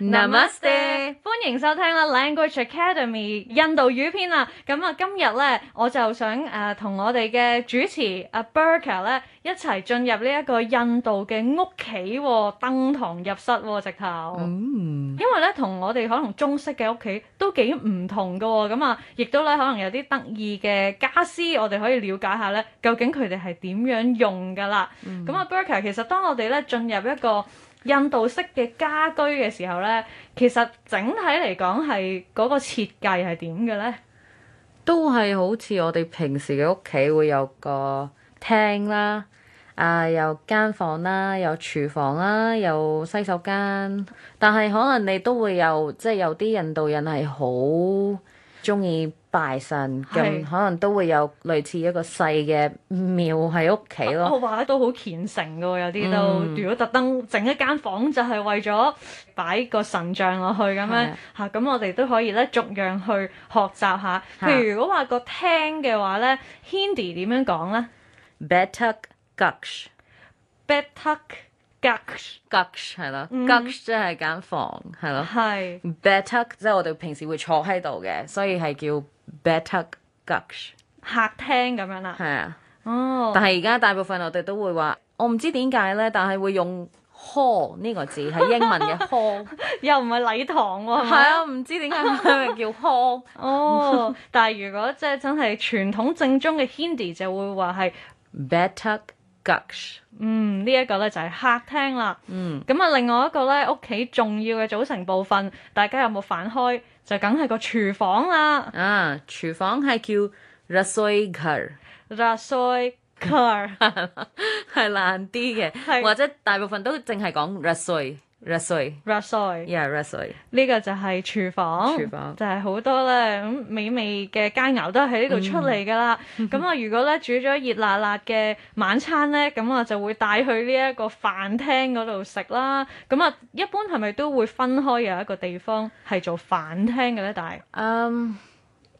Namaste，歡迎收聽啦 Language Academy 印度語篇啦。咁、嗯、啊，今日咧我就想誒同、呃、我哋嘅主持阿、啊、Burker 咧一齊進入呢一個印度嘅屋企、哦，登堂入室直、哦、頭。嗯、因為咧同我哋可能中式嘅屋企都幾唔同嘅喎、哦，咁、嗯、啊，亦、嗯、都咧可能有啲得意嘅家私，我哋可以了解下咧，究竟佢哋係點樣用噶啦。咁啊、嗯、Burker 其實當我哋咧進入一個印度式嘅家居嘅時候咧，其實整體嚟講係嗰個設計係點嘅咧？都係好似我哋平時嘅屋企會有個廳啦，啊有間房啦，有廚房啦，有洗手間，但係可能你都會有即係、就是、有啲印度人係好鍾意拜神咁可能都會有類似一個細嘅廟喺屋企咯。我話都好虔誠㗎喎，有啲都如果特登整一間房就係為咗擺個神像落去咁樣吓，咁我哋都可以咧逐樣去學習下。譬如如果話個廳嘅話咧 Hindi 點樣講咧？Bettak gach，bettak gach，gach 係啦 gach 即係間房係咯。係。Bettak 即係我哋平時會坐喺度嘅，所以係叫。b e t t u c k g u c h 客廳咁樣啦，係啊，哦、啊。Oh. 但係而家大部分我哋都會話，我唔知點解咧，但係會用 hall 呢個字係 英文嘅 hall， 又唔係禮堂喎。係啊，唔、 啊、知點解會叫 hall。哦，oh, 但係如果即係真係傳統正宗嘅 Hindi 就會話係 b e t t u c k 嗯，呢、這、一個咧就係客廳啦。嗯，咁啊，另外一個咧屋企重要嘅組成部分，大家有冇反開？就梗係個廚房啦。啊，廚房係叫 rasoi ghar，rasoi ghar 係難啲嘅，或者大部分都淨係講 rasoi。Rasoi，rasoi，yeah，rasoi。呢個就係廚房，廚房就係好多咧咁美味嘅佳餚都喺、mm hmm. 呢度出嚟噶啦。咁啊，如果咧煮咗熱辣辣嘅晚餐咧，咁啊就會帶去呢一個飯廳嗰度食啦。咁啊，一般係咪都會分開有一個地方係做飯廳嘅咧？但係，嗯，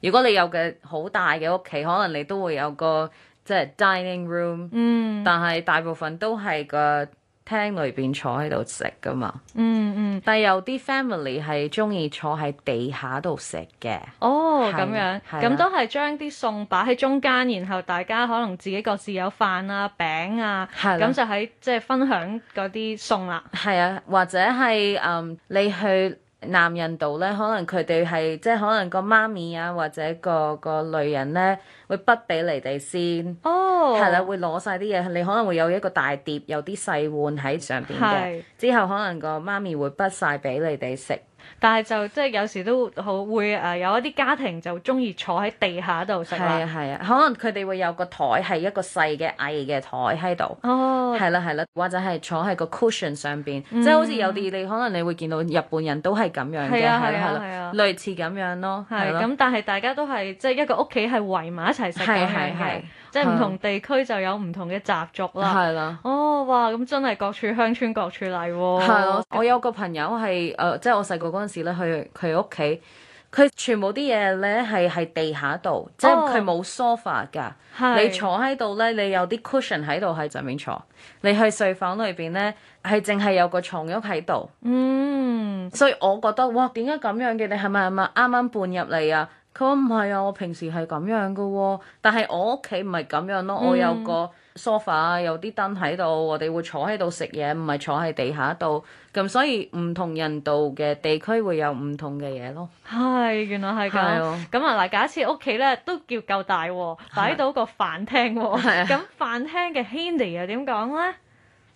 如果你有嘅好大嘅屋企，可能你都會有個即係 dining room。嗯，但係大部分都係個。廳裏邊坐喺度食㗎嘛，嗯嗯，但係有啲 family 係中意坐喺地下度食嘅，哦，咁是樣，咁的都係將啲餸擺喺中間，然後大家可能自己各自有飯啊、餅啊，咁的就喺即係分享嗰啲餸啦，係啊，或者係嗯、um，你去。男人度咧，可能佢哋係即係可能個媽咪啊，或者個個女人咧，會筆俾你哋先，係啦、oh.，會攞晒啲嘢，你可能會有一個大碟，有啲細碗喺上邊嘅，oh. 之後可能個媽咪會筆晒俾你哋食。但係就即係有時都好會誒，有一啲家庭就中意坐喺地下度食啦。係啊係啊，可能佢哋會有個台係一個細嘅矮嘅台喺度。哦，係啦係啦，或者係坐喺個 cushion 上邊，即係好似有啲你可能你會見到日本人都係咁樣嘅，係咯係咯，類似咁樣咯。係咁，但係大家都係即係一個屋企係圍埋一齊食嘅。係係。即係唔同地區的就有唔同嘅習俗啦。係啦的。哦，哇！咁真係各處鄉村各處例，喎。係咯。我有個朋友係誒、呃，即係我細個嗰陣時咧，去佢屋企，佢全部啲嘢咧係喺地下度，即係佢冇 sofa 㗎。哦、你坐喺度咧，你有啲 cushion 喺度喺上面坐。你去睡房裏邊咧，係淨係有個床褥喺度。嗯。所以我覺得，哇！點解咁樣嘅？你係咪係咪啱啱搬入嚟啊？佢話唔係啊，我平時係咁樣噶喎，但係我屋企唔係咁樣咯。嗯、我有個 sofa，有啲燈喺度，我哋會坐喺度食嘢，唔係坐喺地下度。咁所以唔同人道嘅地區會有唔同嘅嘢咯。係，原來係咁。咁啊嗱，假設屋企咧都叫夠大喎，擺到個飯廳喎。咁是、啊、 飯廳嘅 Hindi 又點講咧？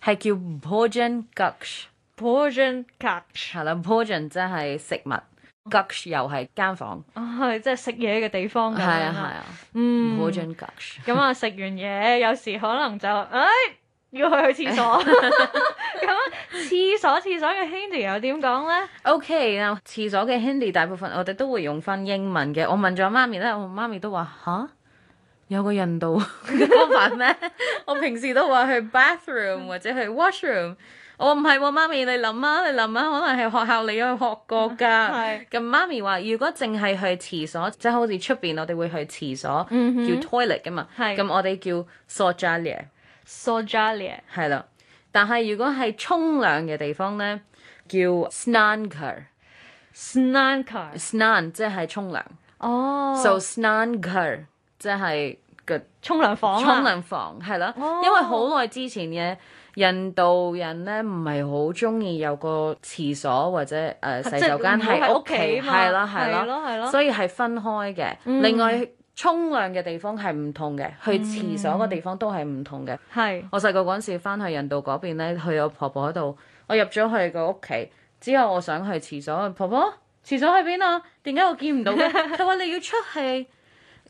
係叫 portion catch。portion catch 係啦，portion 即係食物。Gush 又係間房，係、oh, 即係食嘢嘅地方咁 樣。啊係啊，嗯，好，咁啊食完嘢，有時可能就，哎，要去去廁所。咁廁所廁所嘅 Hindi 又點講咧？OK 啦，廁所嘅 Hindi、okay, 大部分我哋都會用翻英文嘅。我問咗媽咪咧，我媽咪都話吓？有個印度嘅方法咩？我平時都話去 bathroom 或者去 washroom。我唔係喎，媽咪你諗啊，你諗啊，可能係學校你去學過噶。咁媽咪話，如果淨係去廁所，即係好似出邊，我哋會去廁所叫 toilet 噶嘛。咁我哋叫 sojalia。sojalia 係啦。但係如果係沖涼嘅地方咧，叫 snanker。snanker。snan 即係沖涼。哦。so snanker 即係個沖涼房。沖涼房係咯，因為好耐之前嘅。印度人咧唔係好中意有個廁所或者誒洗手間喺屋企，係啦係啦，呃、所以係分開嘅。嗯、另外沖涼嘅地方係唔同嘅，去廁所嘅地方都係唔同嘅。係、嗯、的我細個嗰陣時翻去印度嗰邊咧，去我婆婆嗰度，我入咗去個屋企之後，我想去廁所，婆婆，廁所喺邊啊？點解我見唔到嘅？佢話 你要出去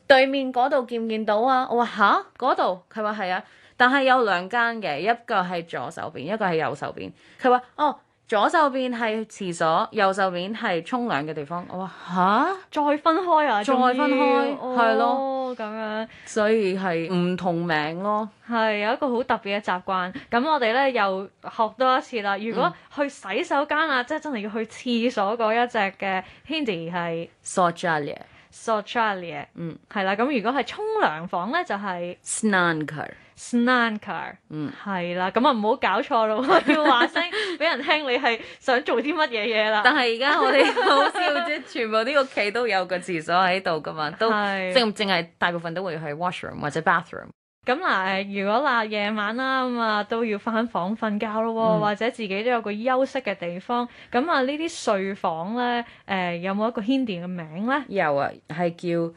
對面嗰度，見唔見到啊？我話嚇，嗰度，佢話係啊。但係有兩間嘅，一個係左手邊，一個係右手邊。佢話：哦，左手邊係廁所，右手邊係沖涼嘅地方。我話吓，再分開啊！再分開，係要、哦、咯，咁樣。所以係唔同名咯。係有一個好特別嘅習慣。咁我哋咧又學多一次啦。如果去洗手間啊，嗯、即係真係要去廁所嗰一隻嘅，Hindi 係錯字嚟嘅。嗯 Australia 嗯，係啦。咁如果係沖涼房咧，就係、是、snanker，snanker 嗯，係啦。咁啊，唔好搞錯咯，我要話聲俾人聽，你係想做啲乜嘢嘢啦。但係而家我哋好少即 全部啲屋企都有個廁所喺度噶嘛，都 的正正係大部分都會係 washroom 或者 bathroom。咁嗱誒，嗯、如果嗱夜晚啦咁啊，都要返房瞓覺咯、嗯、或者自己都有個休息嘅地方。咁、嗯、啊，呢啲睡房咧誒、呃，有冇一個 Hindi 嘅名咧？有啊，係叫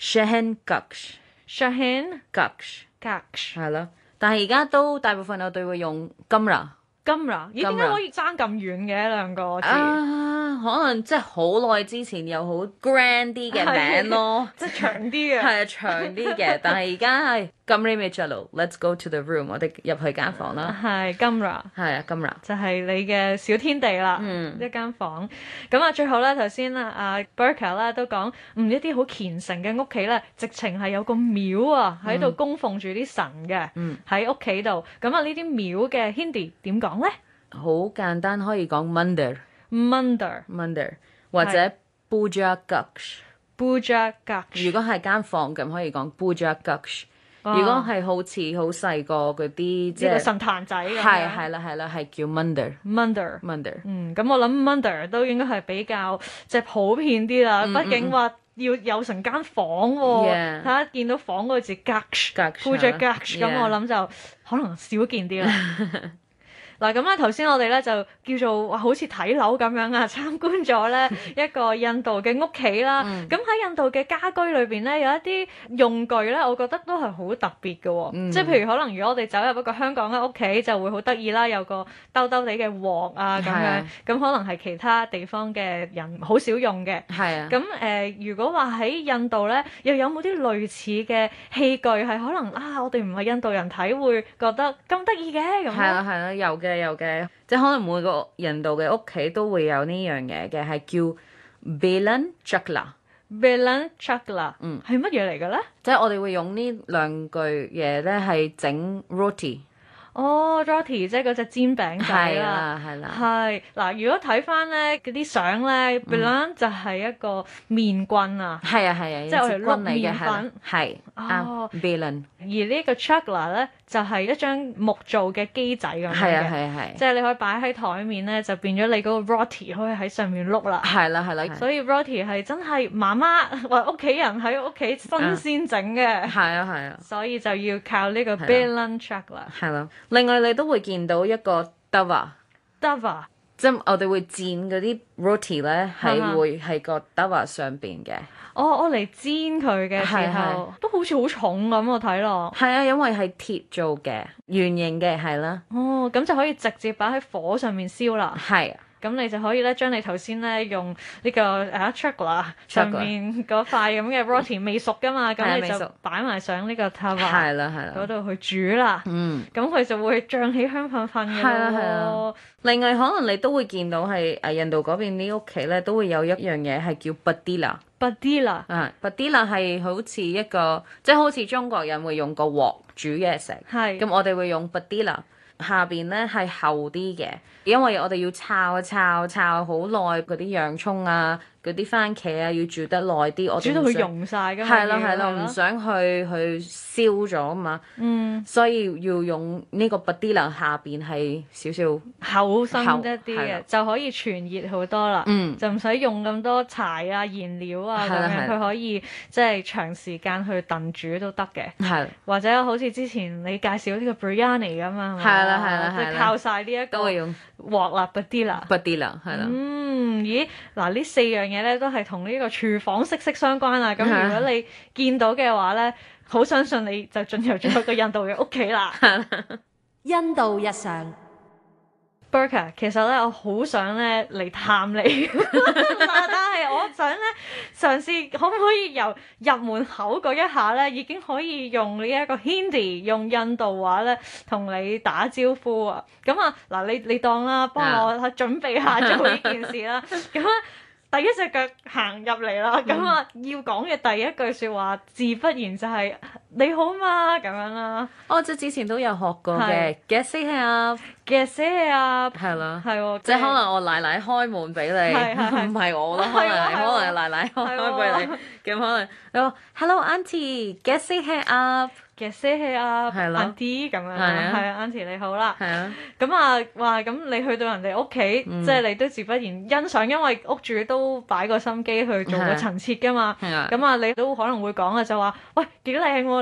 Shahen Gush。Shahen Gush Gush 係咯。但係而家都大部分我哋會用 Gumra。Gumra 咦？點、啊、解可以爭咁遠嘅兩個字？Uh, 可能即係好耐之前有好 grand 啲嘅名咯，即係長啲嘅。係啊，長啲嘅，但係而家係。Let's go to the room 我。我哋入去間房啦。係 Gamra 係啊 Gamra 就係你嘅小天地啦。嗯，一間房。咁啊，最後咧，頭先、嗯、啊，阿 Berker 啦都講，嗯，一啲好虔誠嘅屋企咧，直情係有個廟啊，喺度供奉住啲神嘅。嗯，喺屋企度。咁啊，呢啲廟嘅 Hindi 點講咧？好簡單，可以講 Mandir Mandir Mandir，或者 Bujagaksh 是 Bujagaksh 如果係間房咁，可以講 Bujagaksh。如果係好似好細個嗰啲，即係神壇仔咁樣，係，係啦係啦，係叫 Munder，Munder，Munder。嗯，咁我諗 Munder 都應該係比較即係、就是、普遍啲啦。嗯嗯嗯，畢竟話要有成間房喎、喔，睇下見 Yeah. 到房嗰個字 Gash，附著 Gash 咁 ak yeah. 我諗就可能少見啲啦。 嗱咁咧，頭先我哋咧就叫做好似睇樓咁樣啊，參觀咗咧一個印度嘅屋企啦。咁喺、嗯、印度嘅家居裏邊咧，有一啲用具咧，我覺得都係好特別嘅喎。嗯、即係譬如可能，如果我哋走入一個香港嘅屋企，就會好得意啦，有個兜兜哋嘅鑊啊咁樣。咁可能係其他地方嘅人好少用嘅。係啊。咁誒如果話喺印度咧，又有冇啲類似嘅器具係可能啊？我哋唔係印度人睇會覺得咁得意嘅咁。係啊，係啊，有嘅。有嘅，即係可能每個人度嘅屋企都會有呢樣嘢嘅，係叫 Belen Chakla，Belen Chakla，嗯，係乜嘢嚟嘅咧？即係我哋會用兩呢兩句嘢咧，係整 roti。哦，Roti 即係嗰隻煎餅仔啦，係啦，係啦。係嗱，如果睇翻咧啲相咧 Belan 就係一個麵棍啊，係啊係啊，即係我哋碌麪粉，係。哦 Belan 而呢個 Chukla 咧就係一張木造嘅機仔咁樣嘅，係啊係啊係。即係你可以擺喺台面咧，就變咗你嗰個 Roti 可以喺上面碌啦。係啦係啦。所以 Roti 係真係媽媽或屋企人喺屋企新鮮整嘅，係啊係啊。所以就要靠呢個 Belan Chukla。係咯。另外你都會見到一個 dava dava 即係我哋會煎嗰啲 roti 咧，係會係個 dava 上邊嘅。哦，我嚟煎佢嘅時候係係都好似好重咁、啊，我睇落。係啊，因為係鐵做嘅，圓形嘅係啦。啊、哦，咁就可以直接擺喺火上面燒啦。係、啊。咁你就可以咧，將你頭先咧用呢、呢個誒 chakla 啦，啊、ler, 上面嗰塊咁嘅 roti 未熟噶嘛，咁 你就擺埋上呢個 tawa，嗰度去煮啦。嗯，咁佢就會漲起香噴噴嘅咯。係啦係啦。另外可能你都會見到係誒印度嗰邊啲屋企咧，都會有一樣嘢係叫 bhati 啦 bhati 啦，啊 bhati 啦係好似一個，即係好似中國人會用個鑊煮嘢食，係的。咁我哋會用 bhati 啦。下邊咧係厚啲嘅，因為我哋要炒炒炒好耐嗰啲洋葱啊。嗰啲番茄啊，要煮得耐啲，我煮到佢溶晒㗎嘛，係啦係啦，唔想去去燒咗啊嘛，所以要用呢個 battila 下邊係少少厚身一啲嘅，就可以傳熱好多啦，就唔使用咁多柴啊燃料啊咁樣，佢可以即係長時間去燉煮都得嘅，或者好似之前你介紹呢個 biryani 㗎嘛，係啦係啦，都靠晒呢一個鍋啦 battila battila 係啦，嗯咦嗱呢四樣。嘢咧都係同呢一個廚房息息相關啊！咁如果你見到嘅話咧，好、uh huh. 相信你就進入咗個印度嘅屋企啦。印度日 常 Burka 其實咧，我好想咧嚟探你， 但係我想咧嘗試可唔可以由入門口嗰一下咧，已經可以用呢一個 Hindi 用印度話咧同你打招呼啊！咁啊嗱，你你當啦，幫我、uh huh. 準備下做呢件事啦，咁啊～第一隻腳行入嚟啦，咁啊要講嘅第一句説話，自不然就係、是。你好嘛，咁樣啦，哦即係之前都有學過嘅，get set up，get set up，係咯，係喎，即係可能我奶奶開門俾你，唔係我咯，可能係可能係奶奶開門俾你咁樣，你話 hello auntie，get set up，get set up auntie 咁樣，係啊，auntie 你好啦，係啊，咁啊話咁你去到人哋屋企，即係你都自不然欣賞，因為屋主都擺個心機去做個陳設㗎嘛，咁啊你都可能會講啊就話，喂幾靚㗎喎！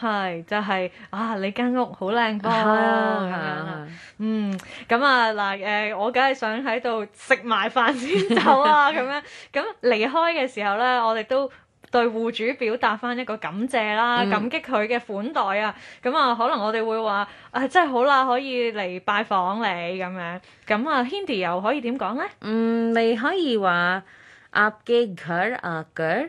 係，就係、是、啊！你間屋好靚噃，咁啊，嗯，咁啊嗱，誒，我梗係想喺度食埋飯先走啊，咁樣，咁離開嘅時候咧，我哋都對戶主表達翻一個感謝啦，感激佢嘅款待啊，咁啊，可能我哋會話，啊，真係好啦，可以嚟拜訪你咁樣，咁、嗯、啊，Hindi 又可以點講咧？嗯，你可以話，आपके घर आकर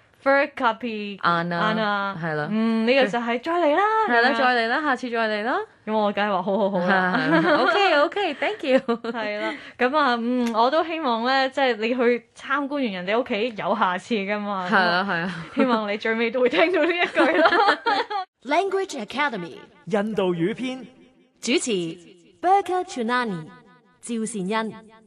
First copy Anna，係啦。嗯的，呢個就係再嚟啦，係啦，再嚟啦，下次再嚟啦。咁我梗係話好好好啦。 OK OK，Thank you。係啦，咁啊，嗯，我都希望咧，即係你去參觀完人哋屋企，有下次噶嘛。係啊係啊，希望你最尾都會聽到呢一句啦。 Language Academy，印度語篇，主持 Berka Trunani，趙善恩。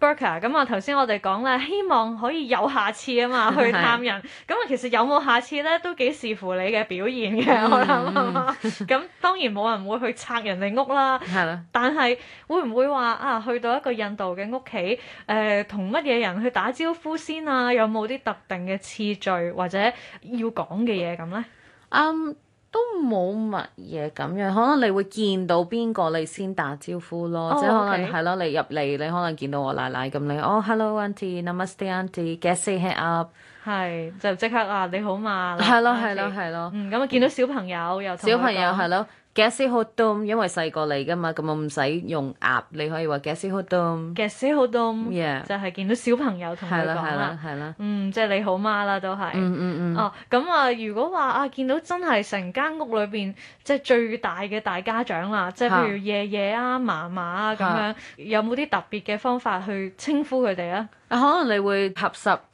Burka 咁啊，頭先、嗯、我哋講咧，希望可以有下次啊嘛，去探人。咁啊的，嗯嗯、其實有冇下次咧，都幾視乎你嘅表現嘅。我諗咁，嗯嗯、 當然冇人會去拆人哋屋啦。的但係會唔會話啊？去到一個印度嘅屋企，誒、呃，同乜嘢人去打招呼先啊？有冇啲特定嘅次序或者要講嘅嘢咁咧？啱、嗯。都冇乜嘢咁樣，可能你會見到邊個你先打招呼咯，即係可能係咯，你入嚟你可能見到我奶奶咁你，哦，Hello auntie，Namaste auntie，kaise ho aap。係就即刻話你好嘛？係咯，係咯，係咯。始嗯，咁啊，見到小朋友又同小朋友係咯 kaise ho tum，因為細個嚟噶嘛，咁我唔使用，用鴨，你可以話 kaise ho tum，kaise ho tum，就係見到小朋友同佢講啦。係啦係啦。嗯，即係你好嘛啦，都係、嗯。嗯嗯嗯。哦，咁啊，如果話啊，見到真係成間屋裏邊即係最大嘅大家長啦，即係譬如爺爺啊、嫲嫲啊咁樣，的有冇啲特別嘅方法去稱呼佢哋啊？啊，可能你會合十。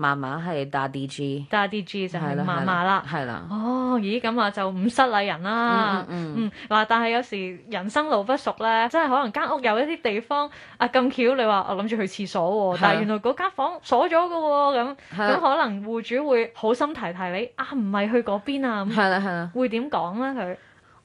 嫲嫲係打 D G，打 D G 就係嫲嫲啦。係啦。哦，咦，咁啊就唔失禮人啦。嗯嗯嗯。嗱，但係有時人生路不熟咧，真係可能間屋有一啲地方啊，咁巧你話我諗住去廁所喎，但係原來嗰間房鎖咗㗎喎，咁咁可能戶主會好心提提你啊，唔係去嗰邊啊。係啦係啦。會點講咧佢？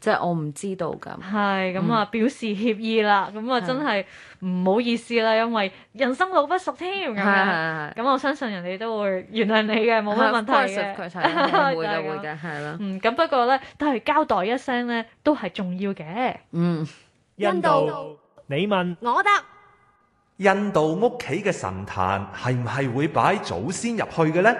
即係我唔知道咁。係咁啊，表示歉意啦。咁啊、嗯，真係唔好意思啦，因為人生路不熟添。係係係。咁我相信人哋都會原諒你嘅，冇乜問題嘅。Of course，佢就會嘅，會嘅 這樣，係 咯。嗯，咁不過咧，都係交代一聲咧，都係重要嘅。嗯，印度，印度你問我答得。印度屋企嘅神壇係唔係會擺祖先入去嘅咧？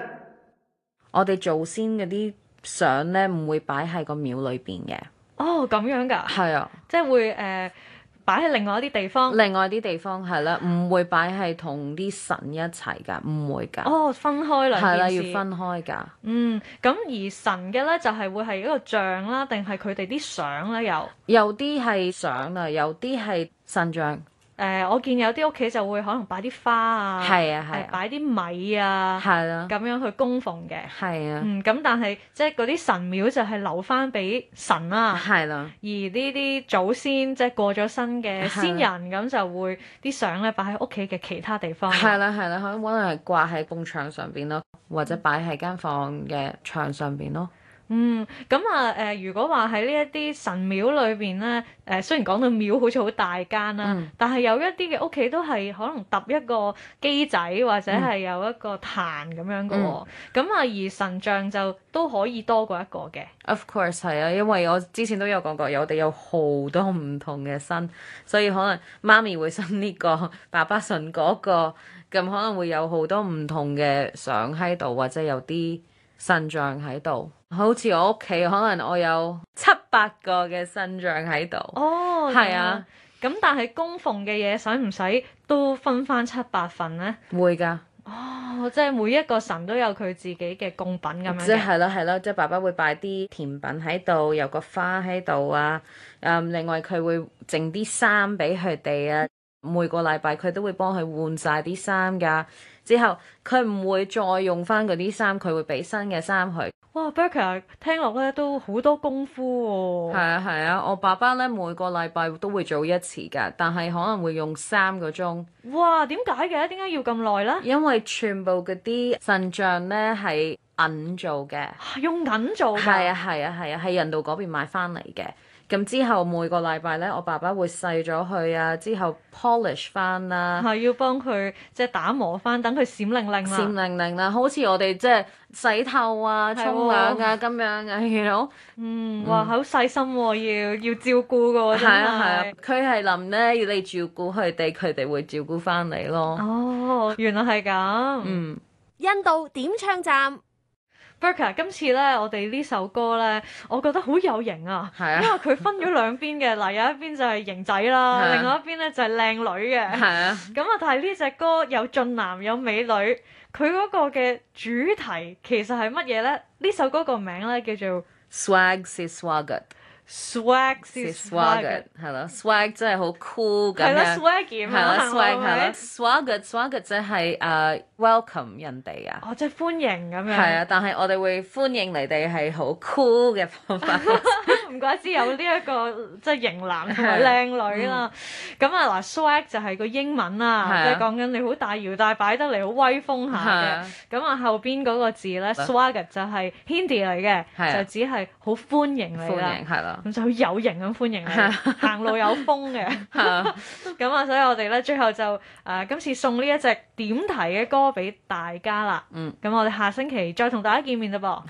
我哋祖先嗰啲相咧，唔會擺喺個廟裏邊嘅。哦，咁樣噶，係啊，即係會誒、呃、擺喺另外一啲地方，另外啲地方係啦，唔、啊、會擺喺同啲神一齊噶，唔會噶。哦，分開兩件事，係啦、啊，要分開噶。嗯，咁而神嘅咧就係、是、會係一個像啦，定係佢哋啲相咧有？有啲係相啊，有啲係神像。誒、呃，我見有啲屋企就會可能擺啲花啊，誒、啊，啊、擺啲米啊，咁、啊、樣去供奉嘅。係啊，嗯，咁但係即係嗰啲神廟就係留翻俾神啦、啊，啊、而呢啲祖先即係過咗身嘅先人，咁、啊、就會啲相咧擺喺屋企嘅其他地方。係啦係啦，可能可能係掛喺供場上邊咯，或者擺喺間房嘅牆上邊咯。嗯，咁啊，誒、呃，如果話喺呢一啲神廟裏邊咧，誒、呃，雖然講到廟好似好大間啦，嗯、但係有一啲嘅屋企都係可能揼一個機仔或者係有一個壇咁樣嘅喎。咁啊、嗯，而神像就都可以多過一個嘅。Of course 係啊，因為我之前都有講過，我哋有好多唔同嘅神，所以可能媽咪會信呢、這個，爸爸信嗰、那個，咁可能會有好多唔同嘅相喺度，或者有啲神像喺度，好似我屋企，可能我有七八個嘅神像喺度。哦，係啊，咁、嗯、但係供奉嘅嘢使唔使都分翻七八份呢？會噶的，哦，即係每一個神都有佢自己嘅貢品咁樣。即係囉，係囉，即係、就是、爸爸會擺啲甜品喺度，有個花喺度啊，誒、嗯，另外佢會整啲衫俾佢哋啊。每個禮拜佢都會幫佢換晒啲衫噶，之後佢唔會再用翻嗰啲衫，佢會俾新嘅衫佢。哇 Berkeley 聽落咧都好多功夫喎，哦。係啊，係啊，我爸爸咧每個禮拜都會做一次噶，但係可能會用三個鐘。哇，點解嘅？點解要咁耐咧？因為全部嗰啲神像咧係銀做嘅，用銀做嘅。係啊，係啊，係啊，喺印度嗰邊買翻嚟嘅。咁之後每個禮拜咧，我爸爸會洗咗佢啊，之後 polish 翻啦，係要幫佢即係打磨翻，等佢閃靈靈啦。閃靈靈啦，好似我哋即係洗頭啊、沖涼、哦、啊咁樣嘅、啊，係咯。嗯，哇，好、嗯、細心喎、啊，要要照顧嘅喎。啊係啊，佢係諗咧，要你照顧佢哋，佢哋會照顧翻你咯。哦，原來係咁。嗯，印度點唱站。 Berker，今次咧我哋呢首歌咧，我覺得好有型啊，是啊因為佢分咗兩邊嘅。嗱 有一邊就係型仔啦，是啊、另外一邊咧就係靚女嘅，咁是啊但係呢隻歌有俊男有美女，佢嗰個嘅主題其實係乜嘢咧？呢首歌個名咧叫做 Swag is Swagat。swag 先 swag，係咯，swag 真係好 cool 咁樣，係 swag 係啦 swag 係啦 swag 即係啊 welcome 人哋啊，哦即係歡迎咁樣，係啊，但係我哋會歡迎你哋係好 cool 嘅方法。唔怪之有呢、這、一個即係、就是、型男同埋靚女啦。 咁、嗯、啊嗱 s w a g 就係個英文啦、啊，即係講緊你好大搖大擺得嚟，好威風下嘅。咁啊的後邊嗰個字咧，swagger 就係 handy 嚟嘅，的就只係好歡迎你啦，咁就好有型咁歡迎你，的行路有風嘅。咁啊 的， 所以我哋咧最後就誒、啊、今次送呢一隻點題嘅歌俾大家啦。咁、嗯、我哋下星期再同大家見面嘞噃。吧